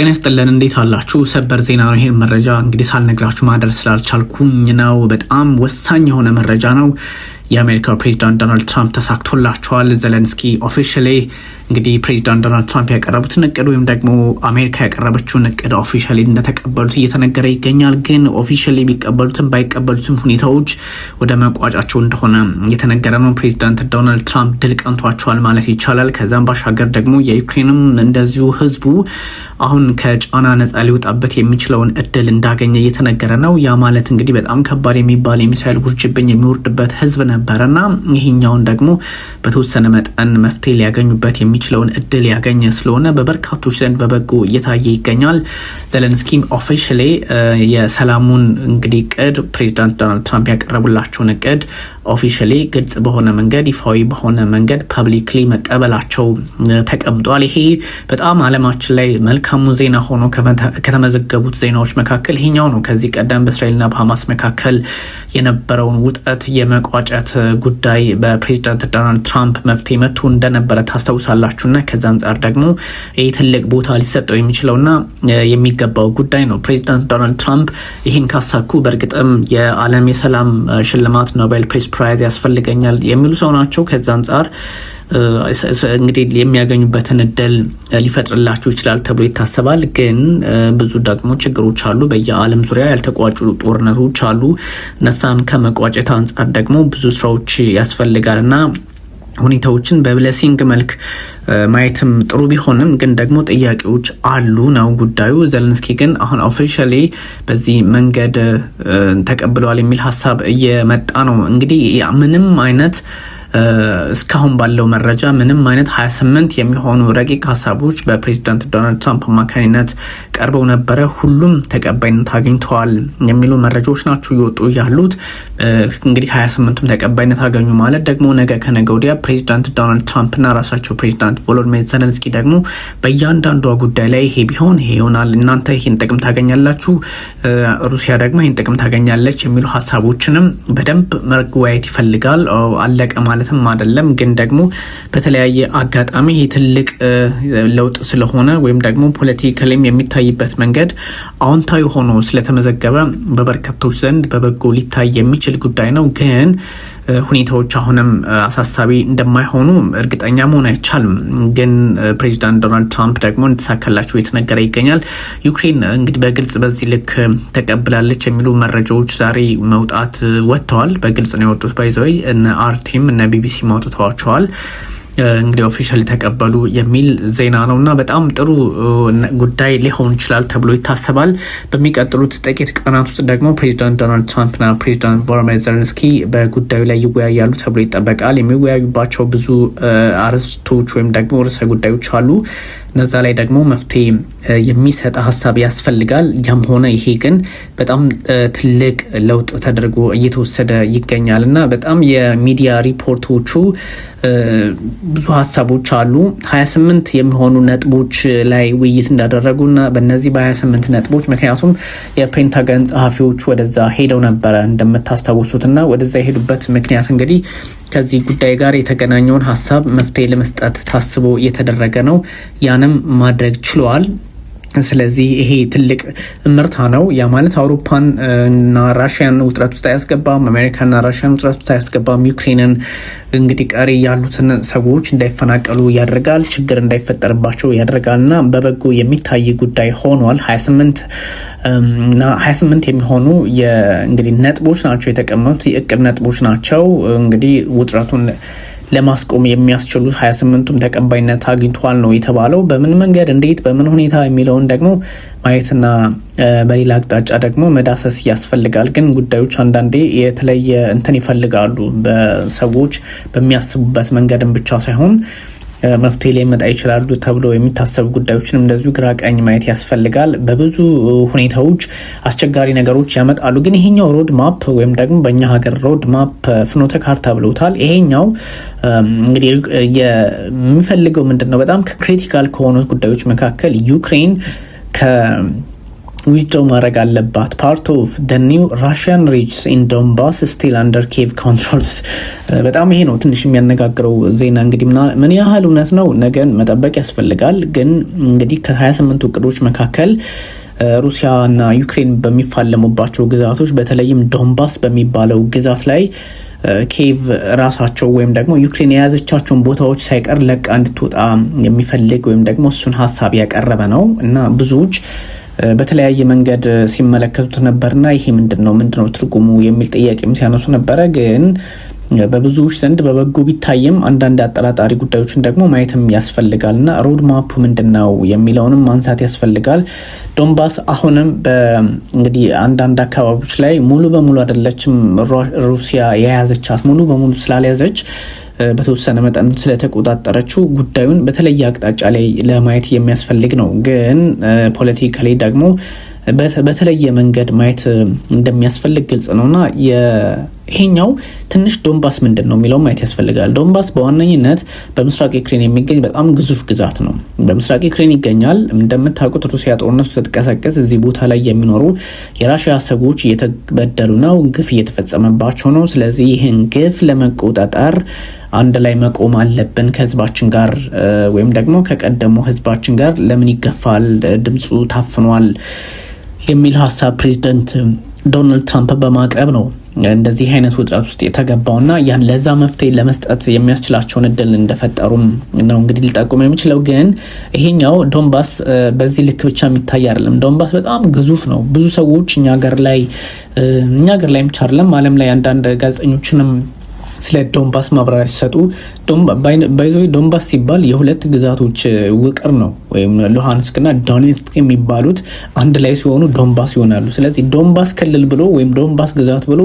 ጤና ይስጥልን እንዴት አላችሁ? ሰበር ዜና ነው። ይሄን መረጃ እንግዲህ ሳልነግራችሁ ማድረስ ስላልቻልኩኝ ነው። በጣም ወሳኝ የሆነ መረጃ ነው። የአሜሪካው ፕሬዚዳንት ዶናልድ ትራምፕ ተሳክቶላቸዋል። ዘለንስኪ ኦፊሻሊ እንግዲህ ፕሬዚዳንት ዶናልድ ትራምፕ ያቀረቡትን እቅድ ወይም ደግሞ አሜሪካ ያቀረበችውን እቅድ ኦፊሻሊ እንደተቀበሉት እየተነገረ ይገኛል። ግን ኦፊሻሊ ቢቀበሉትም ባይቀበሉትም ሁኔታዎች ወደ መቋጫቸው እንደሆነ እየተነገረ ነው። ፕሬዚዳንት ዶናልድ ትራምፕ ድል ቀንቷቸዋል ማለት ይቻላል። ከዛም ባሻገር ደግሞ የዩክሬንም እንደዚሁ ህዝቡ አሁን ከጫና ነጻ ሊወጣበት የሚችለውን እድል እንዳገኘ እየተነገረ ነው። ያ ማለት እንግዲህ በጣም ከባድ የሚባል የሚሳይል ውርጅብኝ የሚወርድበት ህዝብ ነው ነበር ይህኛውን ደግሞ በተወሰነ መጠን መፍትሄ ሊያገኙበት የሚችለውን እድል ያገኘ ስለሆነ በበርካቶች ዘንድ በበጎ እየታየ ይገኛል። ዘለንስኪም ኦፊሻሌ የሰላሙን እንግዲህ እቅድ ፕሬዚዳንት ዶናልድ ትራምፕ ያቀረቡላቸውን እቅድ ኦፊሻሊ ግልጽ በሆነ መንገድ ይፋዊ በሆነ መንገድ ፐብሊክሊ መቀበላቸው ተቀምጧል። ይሄ በጣም አለማችን ላይ መልካሙ ዜና ሆኖ ከተመዘገቡት ዜናዎች መካከል ይሄኛው ነው። ከዚህ ቀደም በእስራኤልና በሀማስ መካከል የነበረውን ውጠት የመቋጨት የጦርነት ጉዳይ በፕሬዚዳንት ዶናልድ ትራምፕ መፍትሄ መቶ እንደነበረ ታስታውሳላችሁና ከዛ አንጻር ደግሞ ይህ ትልቅ ቦታ ሊሰጠው የሚችለውና የሚገባው ጉዳይ ነው። ፕሬዚዳንት ዶናልድ ትራምፕ ይህን ካሳኩ በእርግጥም የዓለም የሰላም ሽልማት ኖቤል ፒስ ፕራይዝ ያስፈልገኛል የሚሉ ሰው ናቸው። ከዛ አንጻር እንግዲህ የሚያገኙበትን እድል ሊፈጥርላቸው ይችላል ተብሎ ይታሰባል። ግን ብዙ ደግሞ ችግሮች አሉ። በየዓለም ዙሪያ ያልተቋጩ ጦርነቶች አሉ። እነሳን ከመቋጨት አንጻር ደግሞ ብዙ ስራዎች ያስፈልጋል እና ሁኔታዎችን በብለሲንግ መልክ ማየትም ጥሩ ቢሆንም ግን ደግሞ ጥያቄዎች አሉ ነው ጉዳዩ። ዘለንስኪ ግን አሁን ኦፊሻሊ በዚህ መንገድ ተቀብለዋል የሚል ሀሳብ እየመጣ ነው። እንግዲህ ምንም አይነት እስካሁን ባለው መረጃ ምንም አይነት 28 የሚሆኑ ረቂቅ ሀሳቦች በፕሬዚዳንት ዶናልድ ትራምፕ አማካኝነት ቀርበው ነበረ። ሁሉም ተቀባይነት አግኝተዋል የሚሉ መረጃዎች ናቸው እየወጡ ያሉት። እንግዲህ 28ቱም ተቀባይነት አገኙ ማለት ደግሞ ነገ ከነገ ወዲያ ፕሬዚዳንት ዶናልድ ትራምፕና ራሳቸው ፕሬዚዳንት ቮሎድሚር ዘለንስኪ ደግሞ በእያንዳንዷ ጉዳይ ላይ ይሄ ቢሆን ይሄ ይሆናል፣ እናንተ ይህን ጥቅም ታገኛላችሁ፣ ሩሲያ ደግሞ ይህን ጥቅም ታገኛለች የሚሉ ሀሳቦችንም በደንብ መወያየት ይፈልጋል። አለቀ ማለት ማለትም አይደለም፣ ግን ደግሞ በተለያየ አጋጣሚ ይህ ትልቅ ለውጥ ስለሆነ ወይም ደግሞ ፖለቲካላም የሚታይበት መንገድ አዎንታዊ ሆኖ ስለተመዘገበ በበርካቶች ዘንድ በበጎ ሊታይ የሚችል ጉዳይ ነው ግን ሁኔታዎች አሁንም አሳሳቢ እንደማይሆኑ እርግጠኛ መሆን አይቻልም። ግን ፕሬዚዳንት ዶናልድ ትራምፕ ደግሞ እንደተሳካላቸው የተነገረ ይገኛል። ዩክሬን እንግዲህ በግልጽ በዚህ ልክ ተቀብላለች የሚሉ መረጃዎች ዛሬ መውጣት ወጥተዋል። በግልጽ ነው የወጡት። ባይዘወይ እነ አርቲም እነ ቢቢሲ ማውጥተዋቸዋል። እንግዲህ ኦፊሻሊ ተቀበሉ የሚል ዜና ነው እና በጣም ጥሩ ጉዳይ ሊሆን ይችላል ተብሎ ይታሰባል። በሚቀጥሉት ጥቂት ቀናት ውስጥ ደግሞ ፕሬዚዳንት ዶናልድ ትራምፕና ፕሬዚዳንት ቮሎዲሚር ዘለንስኪ በጉዳዩ ላይ ይወያያሉ ተብሎ ይጠበቃል። የሚወያዩባቸው ብዙ አርዕስቶች ወይም ደግሞ ርዕሰ ጉዳዮች አሉ። እነዛ ላይ ደግሞ መፍትሄ የሚሰጥ ሀሳብ ያስፈልጋል። ያም ሆነ ይሄ ግን በጣም ትልቅ ለውጥ ተደርጎ እየተወሰደ ይገኛል እና በጣም የሚዲያ ሪፖርቶቹ ብዙ ሀሳቦች አሉ። 28 የሚሆኑ ነጥቦች ላይ ውይይት እንዳደረጉ እና በእነዚህ በ28 ነጥቦች ምክንያቱም የፔንታገን ጸሐፊዎች ወደዛ ሄደው ነበረ እንደምታስታውሱት እና ወደዛ የሄዱበት ምክንያት እንግዲህ ከዚህ ጉዳይ ጋር የተገናኘውን ሀሳብ መፍትሄ ለመስጠት ታስቦ እየተደረገ ነው። ያንም ማድረግ ችለዋል። ስለዚህ ይሄ ትልቅ ምርታ ነው። ያ ማለት አውሮፓን እና ራሽያን ውጥረት ውስጥ አያስገባም። አሜሪካና ራሽያን ውጥረት ውስጥ አያስገባም። ዩክሬንን እንግዲህ ቀሪ ያሉትን ሰዎች እንዳይፈናቀሉ ያደርጋል፣ ችግር እንዳይፈጠርባቸው ያደርጋል እና በበጎ የሚታይ ጉዳይ ሆኗል። ሀያ ስምንት የሚሆኑ እንግዲህ ነጥቦች ናቸው የተቀመጡት፣ የእቅድ ነጥቦች ናቸው እንግዲህ ውጥረቱን ለማስቆም የሚያስችሉት 28ቱም ተቀባይነት አግኝቷል ነው የተባለው። በምን መንገድ፣ እንዴት፣ በምን ሁኔታ የሚለውን ደግሞ ማየትና በሌላ አቅጣጫ ደግሞ መዳሰስ ያስፈልጋል። ግን ጉዳዮች አንዳንዴ የተለየ እንትን ይፈልጋሉ። በሰዎች በሚያስቡበት መንገድን ብቻ ሳይሆን መፍትሄ ሊመጣ ይችላሉ ተብሎ የሚታሰቡ ጉዳዮችንም እንደዚሁ ግራ ቀኝ ማየት ያስፈልጋል። በብዙ ሁኔታዎች አስቸጋሪ ነገሮች ያመጣሉ። ግን ይሄኛው ሮድ ማፕ ወይም ደግሞ በእኛ ሀገር ሮድ ማፕ ፍኖተ ካርታ ብለውታል። ይሄኛው እንግዲህ የሚፈልገው ምንድን ነው? በጣም ከክሪቲካል ከሆኑት ጉዳዮች መካከል ዩክሬን ዊዝዶ ማድረግ አለባት። ፓርት ኦፍ ደ ኒው ራሽያን ሪጅስ ኢን ዶንባስ ስቲል አንደር ኬቭ ኮንትሮልስ። በጣም ይሄ ነው ትንሽ የሚያነጋግረው ዜና እንግዲህ ምን ያህል እውነት ነው ነገን መጠበቅ ያስፈልጋል። ግን እንግዲህ ከ28 እቅዶች መካከል ሩሲያ እና ዩክሬን በሚፋለሙባቸው ግዛቶች በተለይም ዶንባስ በሚባለው ግዛት ላይ ኬቭ ራሳቸው ወይም ደግሞ ዩክሬን የያዘቻቸውን ቦታዎች ሳይቀር ለቃ እንድትወጣ የሚፈልግ ወይም ደግሞ እሱን ሀሳብ ያቀረበ ነው እና ብዙዎች በተለያየ መንገድ ሲመለከቱት ነበርና ይሄ ምንድን ነው ምንድን ነው ትርጉሙ የሚል ጥያቄም ሲያነሱ ነበረ። ግን በብዙዎች ዘንድ በበጎ ቢታይም አንዳንድ አጠራጣሪ ጉዳዮችን ደግሞ ማየትም ያስፈልጋልና ሮድ ማፕ ምንድን ነው የሚለውንም ማንሳት ያስፈልጋል። ዶንባስ አሁንም እንግዲህ አንዳንድ አካባቢዎች ላይ ሙሉ በሙሉ አይደለችም ሩሲያ የያዘቻት ሙሉ በሙሉ ስላልያዘች በተወሰነ መጠን ስለተቆጣጠረችው ጉዳዩን በተለየ አቅጣጫ ላይ ለማየት የሚያስፈልግ ነው። ግን ፖለቲካሊ ደግሞ በተለየ መንገድ ማየት እንደሚያስፈልግ ግልጽ ነውና ይሄኛው ትንሽ ዶንባስ ምንድን ነው የሚለው ማየት ያስፈልጋል። ዶንባስ በዋነኝነት በምስራቅ ዩክሬን የሚገኝ በጣም ግዙፍ ግዛት ነው። በምስራቅ ዩክሬን ይገኛል። እንደምታውቁት ሩሲያ ጦርነቱ ስትቀሰቀስ እዚህ ቦታ ላይ የሚኖሩ የራሽያ ሰዎች እየተበደሉ ነው፣ ግፍ እየተፈጸመባቸው ነው። ስለዚህ ይህን ግፍ ለመቆጣጠር አንድ ላይ መቆም አለብን ከህዝባችን ጋር ወይም ደግሞ ከቀደሙ ህዝባችን ጋር ለምን ይገፋል ድምፁ ታፍኗል የሚል ሀሳብ ፕሬዚደንት ዶናልድ ትራምፕ በማቅረብ ነው እንደዚህ አይነት ውጥረት ውስጥ የተገባው የተገባውና ያን ለዛ መፍትሄ ለመስጠት የሚያስችላቸውን እድል እንደፈጠሩም ነው እንግዲህ ሊጠቁም የሚችለው። ግን ይሄኛው ዶንባስ በዚህ ልክ ብቻ የሚታይ አይደለም። ዶንባስ በጣም ግዙፍ ነው። ብዙ ሰዎች እኛ ገር ላይ እኛ ገር ላይ ብቻ አይደለም ዓለም ላይ አንዳንድ ጋዜጠኞችንም ስለ ዶንባስ ማብራሪያ ሲሰጡ ባይዘ ዶንባስ ሲባል የሁለት ግዛቶች ውቅር ነው ወይም ሉሃንስክ እና ዶኔትስክ የሚባሉት አንድ ላይ ሲሆኑ ዶንባስ ይሆናሉ። ስለዚህ ዶንባስ ክልል ብሎ ወይም ዶንባስ ግዛት ብሎ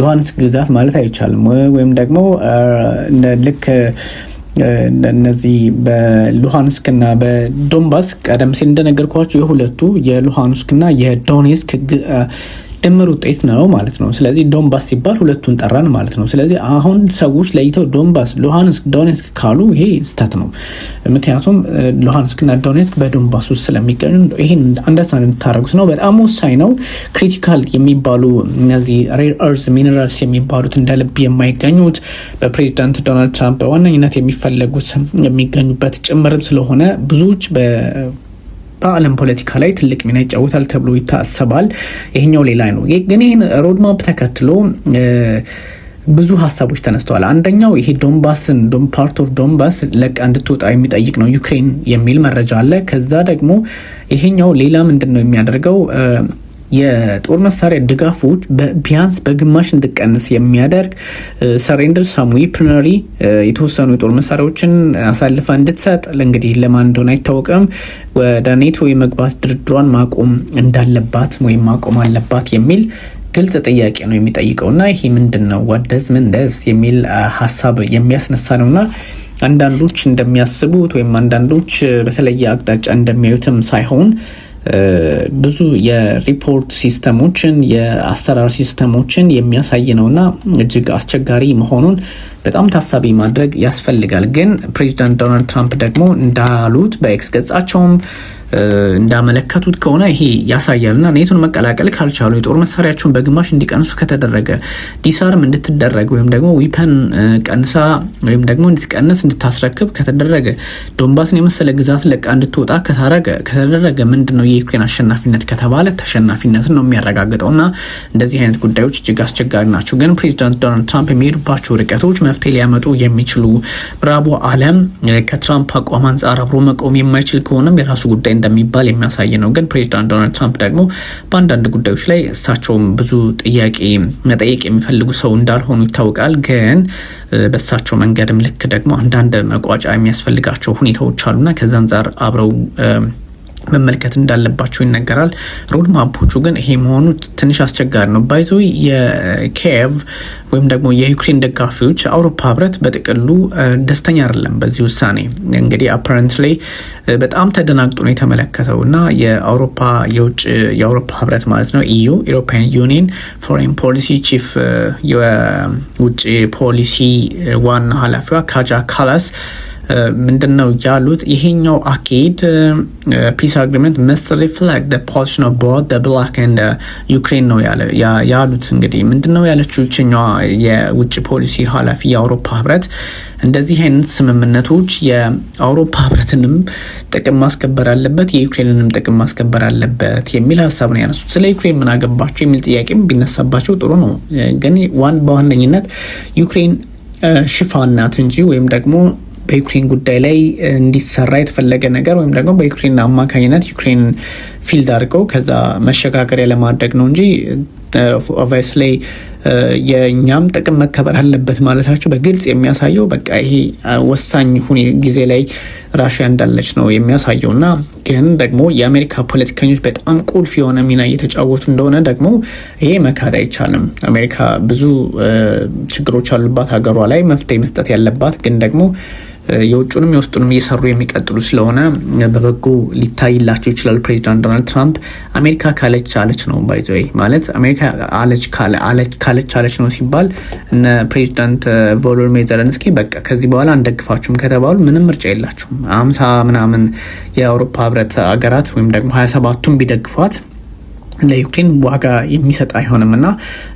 ሉሃንስክ ግዛት ማለት አይቻልም። ወይም ደግሞ ልክ እነዚህ በሉሃንስክ እና በዶንባስ ቀደም ሲል እንደነገርኳቸው የሁለቱ የሉሃንስክ እና የዶኔስክ ድምር ውጤት ነው ማለት ነው። ስለዚህ ዶንባስ ሲባል ሁለቱን ጠራን ማለት ነው። ስለዚህ አሁን ሰዎች ለይተው ዶንባስ፣ ሉሃንስክ፣ ዶኔስክ ካሉ ይሄ ስተት ነው። ምክንያቱም እና ዶኔስክ በዶንባስ ውስጥ ስለሚገኙ ይሄን አንደርስታንድ እንድታደረጉት ነው። በጣም ወሳኝ ነው። ክሪቲካል የሚባሉ እነዚህ ሬር እርዝ ሚነራልስ የሚባሉት እንደ ልብ የማይገኙት በፕሬዚዳንት ዶናልድ ትራምፕ በዋነኝነት የሚፈለጉት የሚገኙበት ጭምርም ስለሆነ ብዙዎች በዓለም ፖለቲካ ላይ ትልቅ ሚና ይጫወታል ተብሎ ይታሰባል። ይሄኛው ሌላ ነው። ግን ይህን ሮድማፕ ተከትሎ ብዙ ሀሳቦች ተነስተዋል። አንደኛው ይሄ ዶንባስን ፓርት ኦፍ ዶንባስ ለቃ እንድትወጣ የሚጠይቅ ነው ዩክሬን የሚል መረጃ አለ። ከዛ ደግሞ ይሄኛው ሌላ ምንድን ነው የሚያደርገው የጦር መሳሪያ ድጋፎች ቢያንስ በግማሽ እንድቀንስ የሚያደርግ ሰሬንደር ሳሙዊ ፕነሪ የተወሰኑ የጦር መሳሪያዎችን አሳልፋ እንድትሰጥ እንግዲህ ለማን እንደሆነ አይታወቅም ወደ ኔቶ የመግባት ድርድሯን ማቆም እንዳለባት ወይም ማቆም አለባት የሚል ግልጽ ጥያቄ ነው የሚጠይቀው እና ይሄ ምንድን ነው ዋደዝ ምን የሚል ሀሳብ የሚያስነሳ ነውና አንዳንዶች እንደሚያስቡት ወይም አንዳንዶች በተለየ አቅጣጫ እንደሚያዩትም ሳይሆን ብዙ የሪፖርት ሲስተሞችን የአሰራር ሲስተሞችን የሚያሳይ ነውና እጅግ አስቸጋሪ መሆኑን በጣም ታሳቢ ማድረግ ያስፈልጋል። ግን ፕሬዚዳንት ዶናልድ ትራምፕ ደግሞ እንዳሉት በኤክስ ገጻቸውም እንዳመለከቱት ከሆነ ይሄ ያሳያልና ኔቶን መቀላቀል ካልቻሉ የጦር መሳሪያቸውን በግማሽ እንዲቀንሱ ከተደረገ ዲሳርም እንድትደረግ ወይም ደግሞ ዊፐን ቀንሳ ወይም ደግሞ እንድትቀንስ እንድታስረክብ ከተደረገ ዶንባስን የመሰለ ግዛት ለቃ እንድትወጣ ከታረገ ከተደረገ ምንድን ነው የዩክሬን አሸናፊነት ከተባለ ተሸናፊነትን ነው የሚያረጋግጠው እና እንደዚህ አይነት ጉዳዮች እጅግ አስቸጋሪ ናቸው። ግን ፕሬዚዳንት ዶናልድ ትራምፕ የሚሄዱባቸው ርቀቶች መፍትሄ ሊያመጡ የሚችሉ ምዕራቡ ዓለም ከትራምፕ አቋም አንጻር አብሮ መቆም የማይችል ከሆነም የራሱ ጉዳይ እንደሚባል የሚያሳይ ነው። ግን ፕሬዚዳንት ዶናልድ ትራምፕ ደግሞ በአንዳንድ ጉዳዮች ላይ እሳቸውም ብዙ ጥያቄ መጠየቅ የሚፈልጉ ሰው እንዳልሆኑ ይታወቃል። ግን በእሳቸው መንገድም ልክ ደግሞ አንዳንድ መቋጫ የሚያስፈልጋቸው ሁኔታዎች አሉና ከዛ አንጻር አብረው መመልከት እንዳለባቸው ይነገራል። ሮድ ማፖቹ ግን ይሄ መሆኑ ትንሽ አስቸጋሪ ነው። ባይዘ የኬቭ ወይም ደግሞ የዩክሬን ደጋፊዎች አውሮፓ ህብረት በጥቅሉ ደስተኛ አይደለም በዚህ ውሳኔ። እንግዲህ አፓረንት ላይ በጣም ተደናግጦ ነው የተመለከተው እና የአውሮፓ የውጭ የአውሮፓ ህብረት ማለት ነው ኢዩ ኢሮፒያን ዩኒየን ፎሬን ፖሊሲ ቺፍ የውጭ ፖሊሲ ዋና ኃላፊዋ ካጃ ካላስ ምንድን ነው ያሉት? ይሄኛው አካሄድ ፒስ አግሪመንት መስት ሪፍሌክት ፖዚሽን ኦፍ ቦዝ ብላክ ኤንድ ዩክሬን ነው ያሉት። እንግዲህ ምንድን ነው ያለችው ይችኛዋ የውጭ ፖሊሲ ኃላፊ የአውሮፓ ህብረት እንደዚህ አይነት ስምምነቶች የአውሮፓ ህብረትንም ጥቅም ማስከበር አለበት፣ የዩክሬንንም ጥቅም ማስከበር አለበት የሚል ሀሳብ ነው ያነሱት። ስለ ዩክሬን ምን አገባቸው የሚል ጥያቄም ቢነሳባቸው ጥሩ ነው። ግን ዋን በዋነኝነት ዩክሬን ሽፋን ናት እንጂ ወይም ደግሞ በዩክሬን ጉዳይ ላይ እንዲሰራ የተፈለገ ነገር ወይም ደግሞ በዩክሬን አማካኝነት ዩክሬን ፊልድ አድርገው ከዛ መሸጋገሪያ ለማድረግ ነው እንጂ uh, ኦቫይስ ላይ uh, የእኛም ጥቅም መከበር አለበት ማለታቸው በግልጽ የሚያሳየው በቃ ይሄ uh, ወሳኝ ጊዜ ላይ ራሽያ እንዳለች ነው የሚያሳየው። እና ግን ደግሞ የአሜሪካ ፖለቲከኞች በጣም ቁልፍ የሆነ ሚና እየተጫወቱ እንደሆነ ደግሞ ይሄ መካድ አይቻልም። አሜሪካ ብዙ ችግሮች ያሉባት ሀገሯ ላይ መፍትሄ መስጠት ያለባት ግን ደግሞ የውጭንም የውስጡንም እየሰሩ የሚቀጥሉ ስለሆነ በበጎ ሊታይላቸው ይችላል። ፕሬዚዳንት ዶናልድ ትራምፕ አሜሪካ ካለች አለች ነው ባይዘይ ማለት አሜሪካ ካለች አለች ነው ሲባል እነ ፕሬዚዳንት ቮሎዲሚር ዘለንስኪ በቃ ከዚህ በኋላ አንደግፋችሁም ከተባሉ ምንም ምርጫ የላችሁም። አምሳ ምናምን የአውሮፓ ህብረት ሀገራት ወይም ደግሞ ሀያ ሰባቱም ቢደግፏት ለዩክሬን ዋጋ የሚሰጥ አይሆንም እና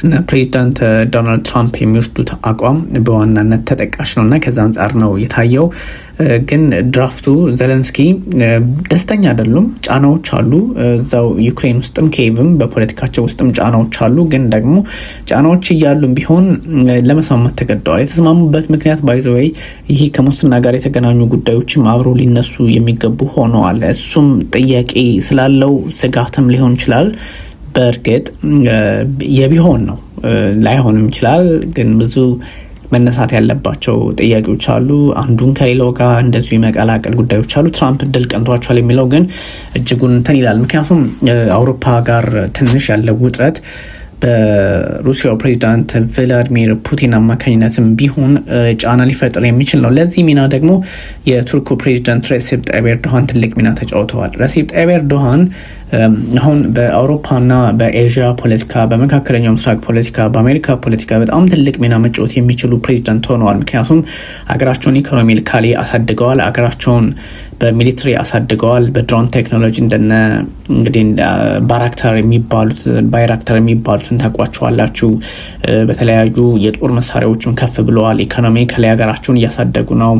እና ፕሬዚዳንት ዶናልድ ትራምፕ የሚወስዱት አቋም በዋናነት ተጠቃሽ ነው እና ከዛ አንጻር ነው የታየው። ግን ድራፍቱ ዘለንስኪ ደስተኛ አይደሉም። ጫናዎች አሉ እዛው ዩክሬን ውስጥም ኬቭም በፖለቲካቸው ውስጥም ጫናዎች አሉ። ግን ደግሞ ጫናዎች እያሉ ቢሆን ለመስማማት ተገደዋል። የተስማሙበት ምክንያት ባይዘወይ ይሄ ከሙስና ጋር የተገናኙ ጉዳዮችም አብረው ሊነሱ የሚገቡ ሆነዋል። እሱም ጥያቄ ስላለው ስጋትም ሊሆን ይችላል። በእርግጥ የቢሆን ነው ላይሆንም ይችላል ግን ብዙ መነሳት ያለባቸው ጥያቄዎች አሉ። አንዱን ከሌላው ጋር እንደዚሁ የመቀላቀል ጉዳዮች አሉ። ትራምፕ ድል ቀንቷቸዋል የሚለው ግን እጅጉን እንትን ይላል። ምክንያቱም አውሮፓ ጋር ትንሽ ያለው ውጥረት በሩሲያው ፕሬዚዳንት ቭላዲሚር ፑቲን አማካኝነትም ቢሆን ጫና ሊፈጥር የሚችል ነው። ለዚህ ሚና ደግሞ የቱርኩ ፕሬዚዳንት ረሲፕ ጣይብ ኤርዶሃን ትልቅ ሚና ተጫውተዋል። ረሲፕ ጣይብ ኤርዶሃን አሁን በአውሮፓና በኤዥያ ፖለቲካ፣ በመካከለኛው ምስራቅ ፖለቲካ፣ በአሜሪካ ፖለቲካ በጣም ትልቅ ሚና መጫወት የሚችሉ ፕሬዚዳንት ሆነዋል። ምክንያቱም ኢኮኖሚ ኢኮኖሚካሊ አሳድገዋል። ሀገራቸውን በሚሊትሪ አሳድገዋል። በድሮን ቴክኖሎጂ እንደነ እንግዲህ ባራክተር የሚባሉት ባይራክተር የሚባሉትን ታውቋቸዋላችሁ። በተለያዩ የጦር መሳሪያዎችም ከፍ ብለዋል። ከላይ ሀገራቸውን እያሳደጉ ነው።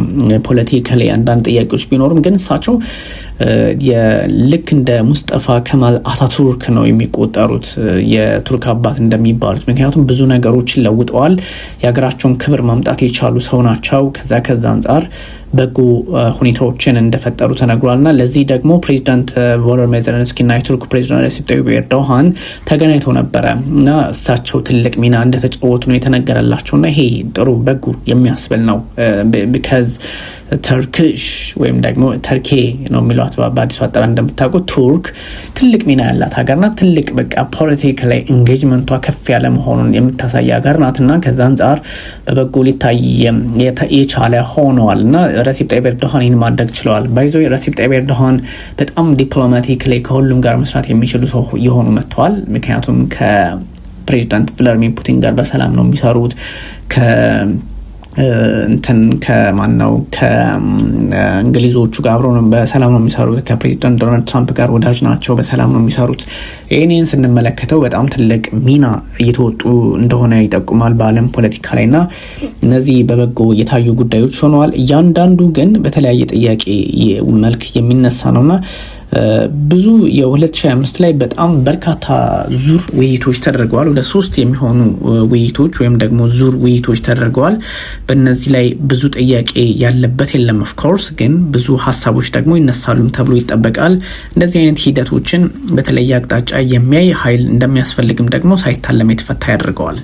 ላይ አንዳንድ ጥያቄዎች ቢኖሩም ግን እሳቸው ልክ እንደ ሙስጠፋ ከማል አታቱርክ ነው የሚቆጠሩት የቱርክ አባት እንደሚባሉት። ምክንያቱም ብዙ ነገሮችን ለውጠዋል። የሀገራቸውን ክብር ማምጣት የቻሉ ሰው ናቸው። ከዛ ከዛ አንጻር በጎ ሁኔታዎችን እንደፈጠሩ ና ለዚህ ደግሞ ፕሬዚዳንት ቮሎድሚር ና የቱርክ ፕሬዚዳንት ረሲፕ ጠይብ ኤርዶሃን ተገናኝተው ነበረ እና እሳቸው ትልቅ ሚና እንደተጫወቱ ነው ና ይሄ ጥሩ በጎ የሚያስብል ነው። ቢካዝ ተርክሽ ወይም ደግሞ ተርኬ ነው የሚለት በአዲሱ አጠራ እንደምታውቁት ቱርክ ትልቅ ሚና ያላት ሀገር ናት። ትልቅ በቃ ፖለቲክ ላይ ኤንጌጅመንቷ ከፍ ያለ መሆኑን የምታሳይ ሀገር ናት እና ከዛ አንጻር በበጎ ሊታይ የቻለ ሆነዋል እና ረሲብ ጣይብ ኤርዶሃን ይህን ማድረግ ችለዋል። ባይዞ ረሲብ ጣይብ ኤርዶሃን በጣም ዲፕሎማቲክ ላይ ከሁሉም ጋር መስራት የሚችሉ ሰው የሆኑ መጥተዋል። ምክንያቱም ከፕሬዚዳንት ቭላድሚር ፑቲን ጋር በሰላም ነው የሚሰሩት እንትን ከማን ነው ከእንግሊዞቹ ጋር አብረው በሰላም ነው የሚሰሩት። ከፕሬዚደንት ዶናልድ ትራምፕ ጋር ወዳጅ ናቸው፣ በሰላም ነው የሚሰሩት። ይህንን ስንመለከተው በጣም ትልቅ ሚና እየተወጡ እንደሆነ ይጠቁማል በዓለም ፖለቲካ ላይ እና እነዚህ በበጎ የታዩ ጉዳዮች ሆነዋል። እያንዳንዱ ግን በተለያየ ጥያቄ መልክ የሚነሳ ነውና ብዙ የ2025 ላይ በጣም በርካታ ዙር ውይይቶች ተደርገዋል። ወደ ሶስት የሚሆኑ ውይይቶች ወይም ደግሞ ዙር ውይይቶች ተደርገዋል። በእነዚህ ላይ ብዙ ጥያቄ ያለበት የለም። ኦፍኮርስ ግን ብዙ ሀሳቦች ደግሞ ይነሳሉም ተብሎ ይጠበቃል። እንደዚህ አይነት ሂደቶችን በተለየ አቅጣጫ የሚያይ ኃይል እንደሚያስፈልግም ደግሞ ሳይታለም የተፈታ ያደርገዋል።